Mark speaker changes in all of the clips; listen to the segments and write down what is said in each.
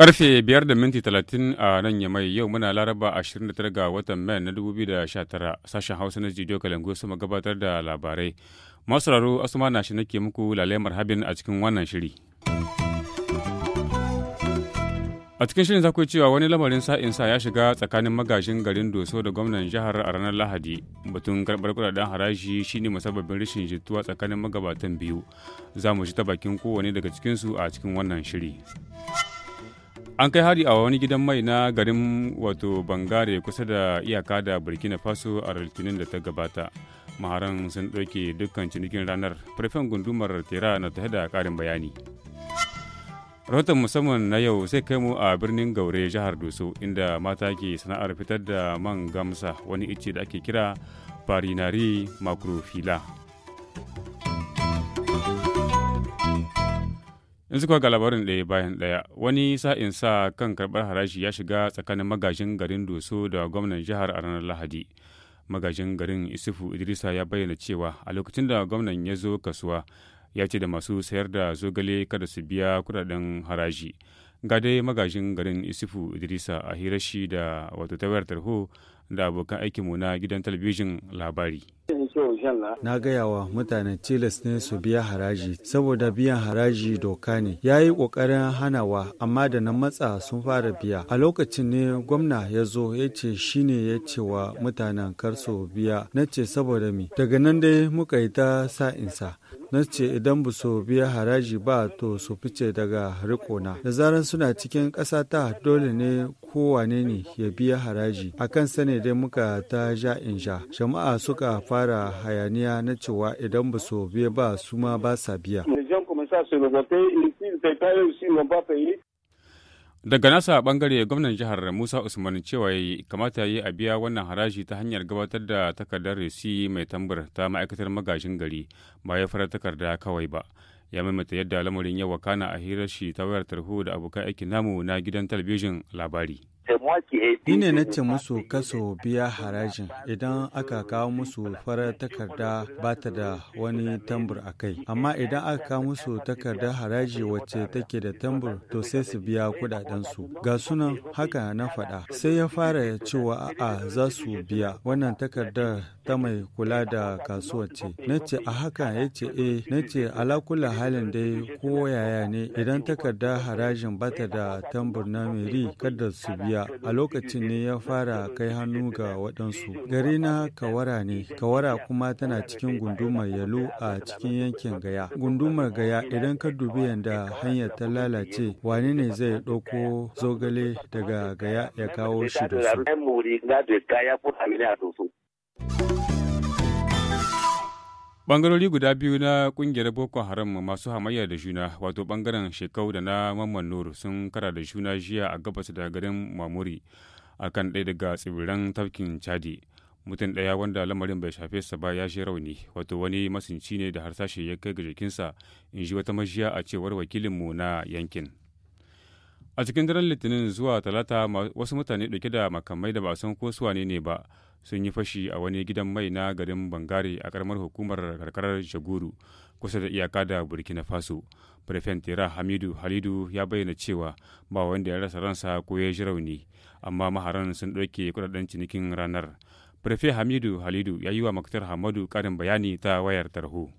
Speaker 1: Karfe biyar da minti 30 a nan ya mai yau muna laraba ashirin da 29 ga watan Mai na 2019 sashen Hausa na studio Kalangu su gabatar da labarai. Masu raro Asuma na shi nake muku lalemar habin a cikin wannan shiri. A cikin shirin za ku cewa wani lamarin sa'insa ya shiga tsakanin magajin garin Doso da gwamnan jihar a ranar Lahadi. Batun karɓar kudaden haraji shine musabbabin rashin jituwa tsakanin magabatan biyu. Za mu ji ta bakin kowane daga cikinsu a cikin wannan shiri. An kai hari a wani gidan mai na garin wato Bangare kusa da iyaka da Burkina Faso a Litinin da ta gabata. Maharan sun ɗauke dukkan cinikin ranar. Farfen gundumar Tera na ta da ƙarin bayani. rahoton musamman na yau sai kai mu a birnin gaure jihar doso inda mata ke sana'ar fitar da man gamsa wani icce da ake kira farinari makrofila in suka ga labarin ɗaya bayan ɗaya wani sa'in sa kan karɓar haraji ya shiga tsakanin magajin garin doso da gwamnan jihar a ranar lahadi magajin garin isufu idrisa ya bayyana cewa a lokacin da gwamnan ya zo kasuwa ya ce da masu sayar da zogale kada su biya kudaden haraji ga dai magajin garin isufu idrisa a hirashi da wato tawayar tarho da abokan aikinmu na gidan talabijin labari
Speaker 2: Na gaya wa mutanen tilas ne su biya haraji, saboda biyan haraji doka ne. Ya yi ƙoƙarin hanawa, amma da na matsa sun fara biya. A lokacin ne gwamna ya zo ya ce shi ne ya ce wa mutanen kar biya. Na ce saboda mi. Daga nan dai muka yi ta sa sa'insa. na ce idan bu su biya haraji ba to su fice daga rikona da zaran suna cikin ƙasa ta dole ne kowane ne ya biya haraji akan sane dai muka ta ja in ja jama'a suka fara fara hayaniya na cewa idan ba su biya ba su ma ba sa biya.
Speaker 1: Daga nasa bangare gwamnan jihar Musa Usman cewa ya yi kamata yi a biya wannan haraji ta hanyar gabatar da takardar resi mai tambur ta ma'aikatar magajin gari ba ya fara takarda kawai ba. Ya maimaita yadda lamarin ya wakana a hirar shi ta wayar tarho da abokan aikin namu na gidan talabijin labari. Ni ne na ce
Speaker 2: musu kaso biya harajin idan aka kawo musu farar takarda ba ta da wani tambur a kai. Amma idan aka kawo musu takarda haraji wacce take da tambur to sai su biya kudadensu. Ga sunan haka na faɗa. Sai ya fara cewa a za su biya wannan takardar ta mai kula da kasuwar ce. Na ce a haka ya ce e na ce alakula halin dai ko yaya ne idan takarda harajin ba ta da tambur na meri kada su biya a lokacin ne ya fara kai hannu ga waɗansu. Gari na Kawara ne, Kawara kuma tana cikin gundumar Yalo a cikin yankin Gaya. Gundumar Gaya idan ka dubi yadda hanyar ta lalace, wani ne zai ɗauko zogale daga Gaya
Speaker 1: ya kawo shi da su. bangarori guda biyu na ƙungiyar boko haram masu hamayya da juna wato bangaren shekau da na mamman nur sun kara da juna jiya a gabas da garin mamuri akan ɗaya daga tsibiran tafkin chadi mutum ɗaya wanda lamarin bai shafe sa ba ya shi rauni wato wani masinci ne da harsashe ya kai ga jikinsa in ji wata majiya a cewar wakilinmu na yankin a cikin daren litinin zuwa talata wasu mutane ɗauke da makamai da ba san ko wane ne ba sun yi fashi a wani gidan mai na garin bangare a karamar hukumar karkarar shaguru kusa da iyaka da burkina faso prefen tera hamidu halidu ya bayyana cewa ba wanda ya rasa ransa ko ya ji rauni amma maharan sun ɗauke kudaden cinikin ranar prefe hamidu halidu ya yi wa maktar hamadu karin bayani ta wayar tarho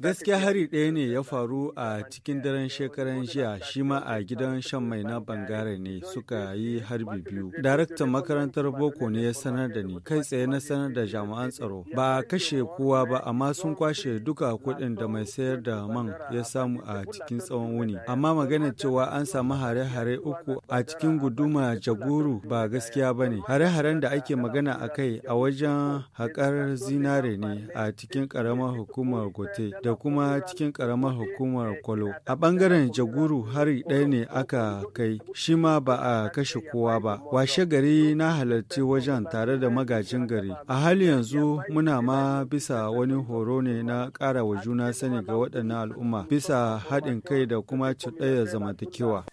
Speaker 2: Gaskiya hari ɗaya ne ya faru a cikin daren shekaran jiya shi ma a gidan shan mai na bangare ne suka yi harbi biyu. Daraktan makarantar Boko ne ya sanar da ni, kai tsaye na sanar da jami'an tsaro. Ba a kashe kowa ba amma sun kwashe duka kuɗin da mai sayar da man ya samu a cikin tsawon wuni. Amma magana cewa an samu hare-hare uku a cikin guduma jaguru ba gaskiya ba ne. Hare-haren da ake magana a kai a wajen haƙar zinare ne a cikin karamar hukumar gote da kuma cikin karamar hukumar kwalo a bangaren jaguru hari ɗaya ne aka kai shi ma ba a kashe kowa ba washe gari na halarci wajen tare da magajin gari a hali yanzu muna ma bisa wani horo ne na ƙara wa juna sani ga waɗannan al'umma bisa haɗin kai da kuma cuɗayar zamantakewa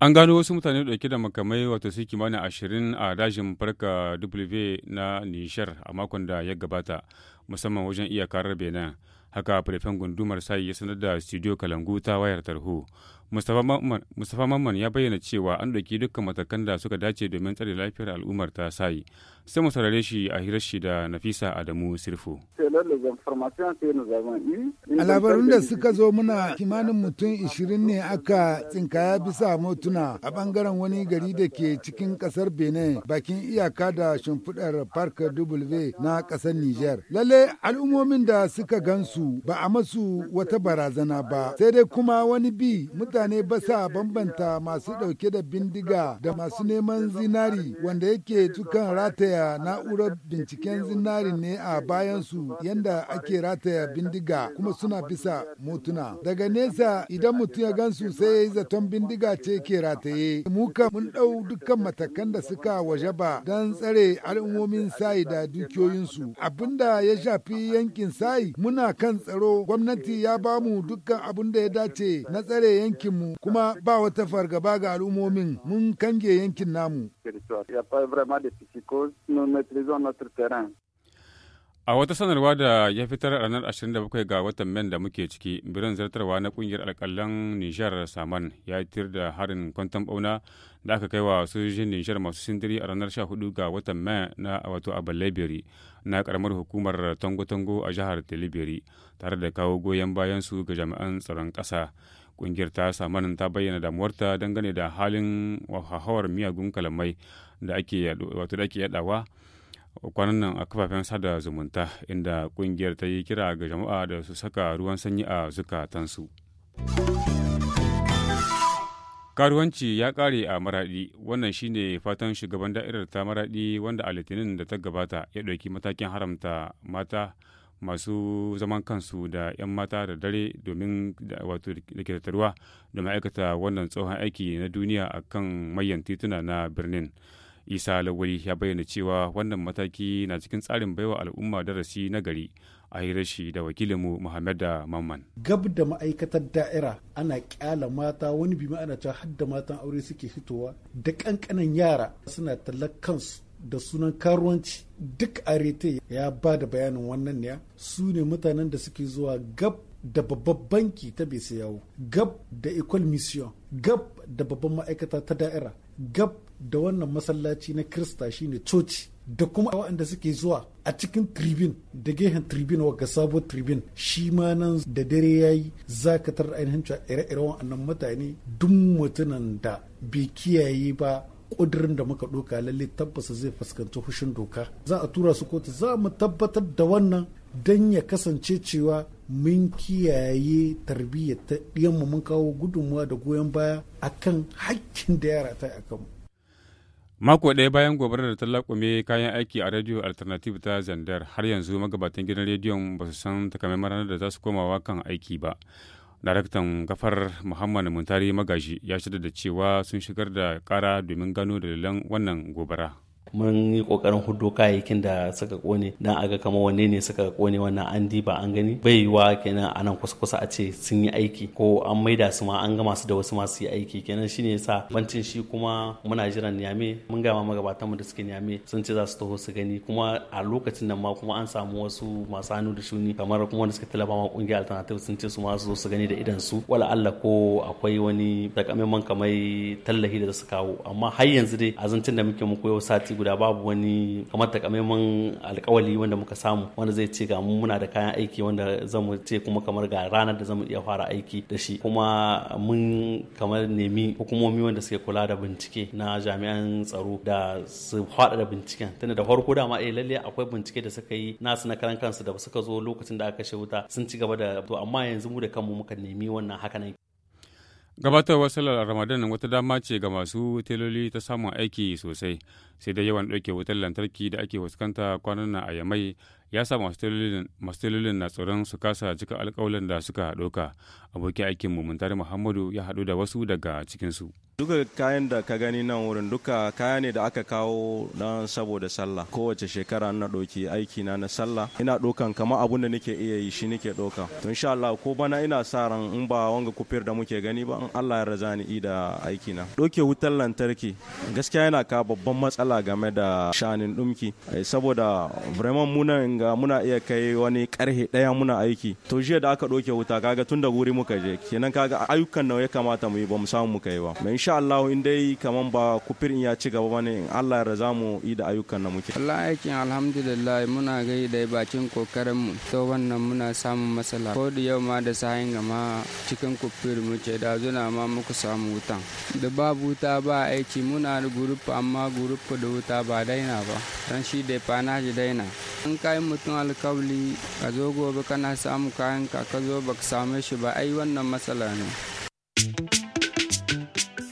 Speaker 1: An gano wasu mutane dauke da makamai wato su kimanin ashirin a dajin farka W na Nishar a makon da ya gabata musamman wajen iyakar Benin. Haka firfen gundumar sai ya sanar da studio Kalangu ta wayar tarho. Mustapha Mamman ya bayyana cewa an ɗauki dukkan matakan da suka dace domin tsare lafiyar al'ummar ta sayi. Sai mu saurare shi a hirar shi da Nafisa Adamu Sirfo.
Speaker 3: A labarun da suka zo muna kimanin mutum 20 ne aka tsinkaya bisa motuna a bangaren wani gari da ke cikin kasar Benin bakin iyaka da shimfiɗar Park W na kasar Niger. Lalle al'ummomin da suka gansu ba a masu wata barazana ba sai dai kuma wani bi mutane mutane ba sa bambanta masu ɗauke da bindiga da masu neman zinari wanda yake tukan rataya na'urar binciken zinari ne a bayansu yanda ake rataya bindiga kuma suna bisa motuna. Daga nesa idan mutum ya gansu sai ya yi zaton bindiga ce ke rataye. Muka mun ɗau dukkan matakan da suka waje ba don tsare al'ummomin sai da dukiyoyinsu. Abinda ya shafi yankin sai muna kan tsaro gwamnati ya bamu dukkan abin da ya dace na tsare yankin mu kuma ba wata fargaba ga al'ummomin mun kange yankin namu.
Speaker 1: A wata sanarwa da ya fitar ranar 27 ga watan men da muke ciki, biran zartarwa na kungiyar alkalan Nijar Saman ya tir da harin kwantan bauna da aka kai wa sojojin Nijar masu sindiri a ranar 14 ga watan men na wato a Balibiri na karamar hukumar Tango-Tango a jihar Deliberi tare da kawo goyon bayan su ga jami'an tsaron ƙasa. kungiyar ta samanin ta bayyana damuwarta dangane da halin hauhawar miyagun kalamai da ake wato da ake yadawa kwanan nan a kafafen sada zumunta inda kungiyar ta yi kira ga jama'a da su saka ruwan sanyi a zukatansu. karuwanci ya kare a maradi wannan shine fatan shugaban da'irar ta maradi wanda a litinin da ta gabata ya ɗauki matakin haramta mata masu zaman kansu da 'yan mata da dare domin wato da ke tattaruwa da ma'aikata wannan tsohon aiki na duniya a kan mayan tituna na birnin isa lawari ya bayyana cewa wannan mataki na cikin tsarin baiwa al'umma darasi na gari a hirar shi da wakilinmu Muhammad da Mamman.
Speaker 2: Gab da ma'aikatar da'ira ana kyala mata wani bi ma'ana ta hadda matan aure suke fitowa da kankanan yara suna tallar kansu da sunan karuwanci duk arete ya ba da bayanin wannan ne su ne mutanen da suke zuwa gab da babban banki ta bisa yawo gab da ecol mission gab da babban ma'aikata ta da'ira gab da wannan masallaci na krista shine coci da kuma waɗanda suke zuwa a cikin tribune da gehen tribune ga sabo tribune shi ma nan da dare ya yi za ka tarar ainihin ire-iren waɗannan mutane duk mutunan da bai kiyaye ba ƙudurin da muka doka lalle tabbas zai fuskanci hushin doka za a tura su kotu za mu tabbatar da wannan don ya kasance cewa mun kiyaye tarbiyyar ta ɗiyanmu mun kawo gudunmuwa da goyon baya akan
Speaker 3: hakkin da yara ta akan
Speaker 1: Mako ɗaya bayan gobarar da ta laƙume kayan aiki a Radio Alternative ta Zandar har yanzu magabatan gidan rediyon ba su san takamaiman ranar da za su komawa kan aiki ba. daraktan kafar muhammad muntari magaji ya shirya da cewa sun shigar da kara domin gano dalilan wannan gobara
Speaker 4: mun yi kokarin hudo kayayyakin da suka kone dan aga kamar wanne ne suka kone wannan an ba an gani bai yiwa kenan anan kusa kusa a ce sun yi aiki ko an maida su ma an gama su da wasu masu yi aiki kenan shine sa, bancin shi kuma muna jiran niyame mun ga magabatan mu da suke niyame sun ce za su taho su gani kuma a lokacin nan ma kuma an samu wasu masu hannu da shuni kamar kuma wanda suka talaba ma kungiyar alternative sun ce su ma su zo su gani da idan su wala Allah ko akwai wani takamaiman kamar tallahi da su kawo amma har yanzu dai a zancen da muke muku yau sati guda babu wani kamar takamaiman alkawali wanda muka samu wanda zai ce ga muna da kayan aiki wanda zamu ce kuma kamar ga ranar da zamu iya fara aiki da shi kuma mun kamar nemi hukumomi wanda suke kula da bincike na jami'an tsaro da su da binciken tunda da farko dama eh lalle akwai bincike da suka yi nasu na karan kansu da suka zo lokacin da aka kashe wuta sun ci gaba da to amma yanzu mu da kanmu muka nemi wannan hakanan
Speaker 1: gabatarwar sallar ramadan wata dama ce ga masu teloli ta samun aiki sosai sai da yawan ɗauke wutar lantarki da ake fuskanta kwanan nan a yamai ya sa masu dalilin na tsoron su kasa cika alkawalin da suka ɗauka abokin aikin mumuntar muhammadu ya haɗu da wasu daga cikinsu
Speaker 2: duka kayan da ka gani nan wurin duka kaya ne da aka kawo don saboda sallah kowace shekara na ɗauki aiki na na sallah ina ɗaukan kama abun da nake iya yi shi nake ɗauka to insha Allah ko bana ina sa ran in ba wanga kufir da muke gani ba in Allah ya raza ni da aiki na ɗauke wutar lantarki gaskiya yana ka babban matsala game da shanin ɗumki eh, saboda vraiment munan ga muna iya kai wani karhe daya muna aiki to jiya da aka doke wuta kaga tun da wuri muka je kenan kaga ayyukan nawa ya kamata mu yi ba mu samu mu yi ba mai insha Allah in dai kaman ba in ya ci gaba bane in Allah ya raza mu yi da ayyukan na muke Allah aikin alhamdulillah muna gai da bakin kokarin mu to wannan muna samun matsala ko da yau ma da sahin gama cikin kufir muke da zuna ma muku samu wutan da babu wuta ba aiki muna da gurup amma gurup da wuta ba daina ba dan shi da fana daina an kai mu mutum alkawli ka zo gobe kana samu kayan ka ka zo ka same shi ba ai wannan matsala ne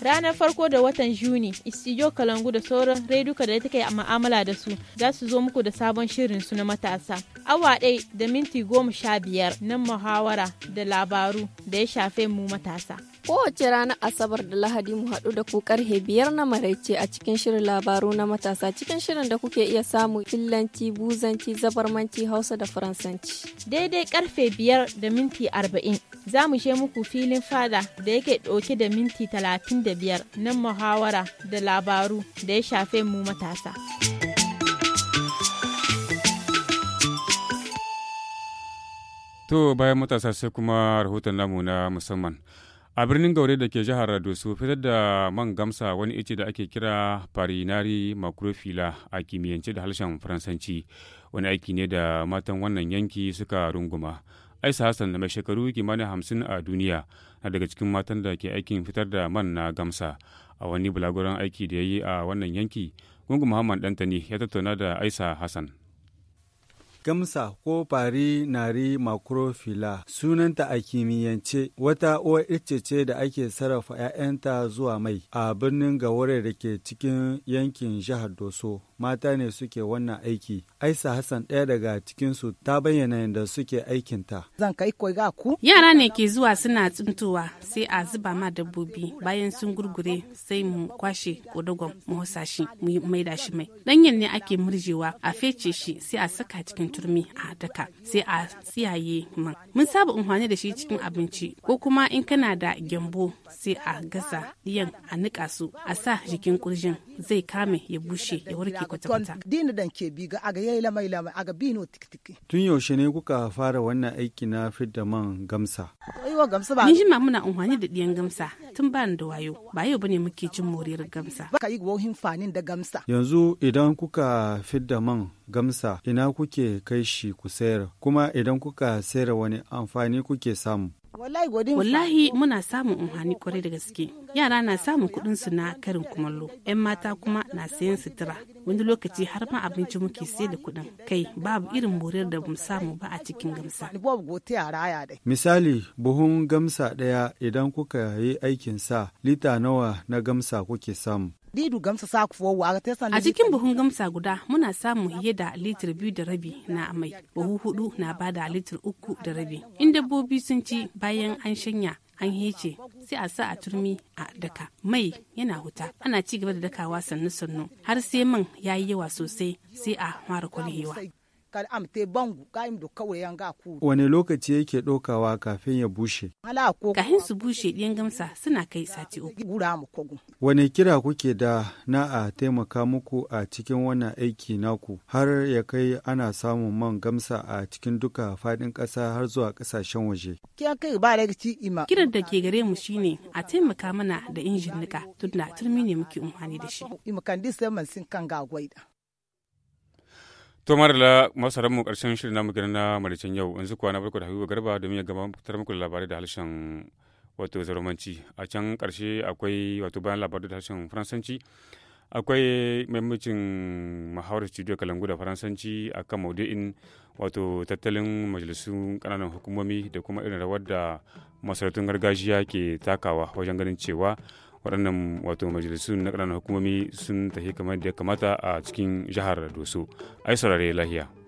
Speaker 5: ranar farko da watan juni istijo kalangu da sauran raiduka da take ma'amala da su za su zo muku da sabon shirin su na matasa awa ɗai da minti goma sha biyar na muhawara da labaru da ya shafe mu matasa Kowace ranar Asabar da Lahadi mu haɗu da ku karhe biyar na maraice a cikin shirin labaru na matasa cikin shirin da kuke iya samu illanci, buzanci, zabarmanci, hausa da faransanci. Daidai karfe biyar da minti arba'in za mu she muku filin fada da yake ɗauke da minti talatin da biyar na muhawara da labaru da ya shafe mu matasa.
Speaker 1: To bayan matasa sai kuma rahoton namu na musamman. a birnin gaure da ke jihar Dosu fitar da man gamsa wani ice da ake kira farinari macrofila a kimiyyance da harshen faransanci wani aiki ne da matan wannan yanki suka runguma aisa hassan da mai shekaru kimanin hamsin a duniya na daga cikin matan da ke aikin fitar da man na gamsa a wani bulaguran aiki da ya yi a wannan yanki gungun muhammad dantani ya tattauna da aisa hassan
Speaker 2: Gamsa ko fari nari macrophylla sunanta a kimiyyance wata uwar ice ce da ake sarrafa 'ya'yanta zuwa mai a birnin Gaware da ke cikin yankin jihar Doso. Mata ne suke wannan aiki. Aisa Hassan ɗaya daga cikinsu ta bayyana yadda suke aikinta.
Speaker 5: Yara ne ke zuwa suna tsintowa sai a zuba ma dabbobi bayan sun gurgure sai mu kwashe kodagon mu husa shi mu maida shi mai danyen ne ake murjewa a fece shi sai a saka cikin turmi a daka sai a tsiyaye man mun saba amfani da shi cikin abinci ko kuma in kana da gyambo sai a gasa diyan a nika su a sa jikin kurjin zai kame ya bushe ya warke kwata-kwata
Speaker 2: tun yaushe ne kuka fara wannan aiki na fidda man gamsa
Speaker 5: ba gamsu ba. Ni muna amfani da ɗiyan gamsa tun ba da wayo ba yau bane muke cin moriyar gamsa. Ba ka yi gwauhin fanin da gamsa.
Speaker 2: Yanzu idan kuka fidda man gamsa ina kuke kai shi ku sayar kuma idan kuka sayar wani amfani kuke samu.
Speaker 5: Wallahi muna samun amfani kwarai da gaske. yara na samun kuɗin su na karin kumallo yan mata kuma na sayan sutura wani lokaci har ma abinci muke sai da kuɗin kai babu irin morar da mu samu ba a cikin gamsa
Speaker 2: misali buhun gamsa ɗaya idan kuka yi aikin sa lita nawa na gamsa kuke samu
Speaker 5: a cikin buhun gamsa guda muna samun fiye da litir biyu da rabi na mai buhu hudu na bada litir uku da rabi in dabbobi sun ci bayan an shanya an hece sai a sa a turmi a daka mai yana huta ana ci gaba da dakawa sannu sannu har sai man ya yi yawa sosai sai a mara kwalhewa kal am te bangu ka im do kawai yanga ku
Speaker 2: wani lokaci yake dokawa kafin ya bushe
Speaker 5: ala ko kafin su bushe ɗiyan gamsa suna kai sati uku gura mu kogo
Speaker 2: wani kira kuke da na a taimaka muku a cikin wannan aiki naku har ya kai ana samun man gamsa a cikin duka fadin ƙasa har zuwa ƙasashen waje
Speaker 5: kiyan kai ba da ci ima kiran da ke gare mu shine a taimaka mana da injin nika tunda turmi ne muke amfani da shi imakan disa man sin kan
Speaker 1: to marala masu mu karshen shirin namu gina na maricin yau yanzu kuwa na farko da habibu garba domin ya gabatar muku labarai da harshen wato zaromanci a can karshe akwai wato bayan labarai da harshen faransanci akwai maimacin mahawar studio kalangu da faransanci a kan maudu'in wato tattalin majalisun kananan hukumomi da kuma irin rawar da masarautun gargajiya ke takawa wajen ganin cewa waɗannan wato majalisun na ƙananan hukumomi sun tafi kamar da ya kamata a cikin jihar doso ai saurare lahiya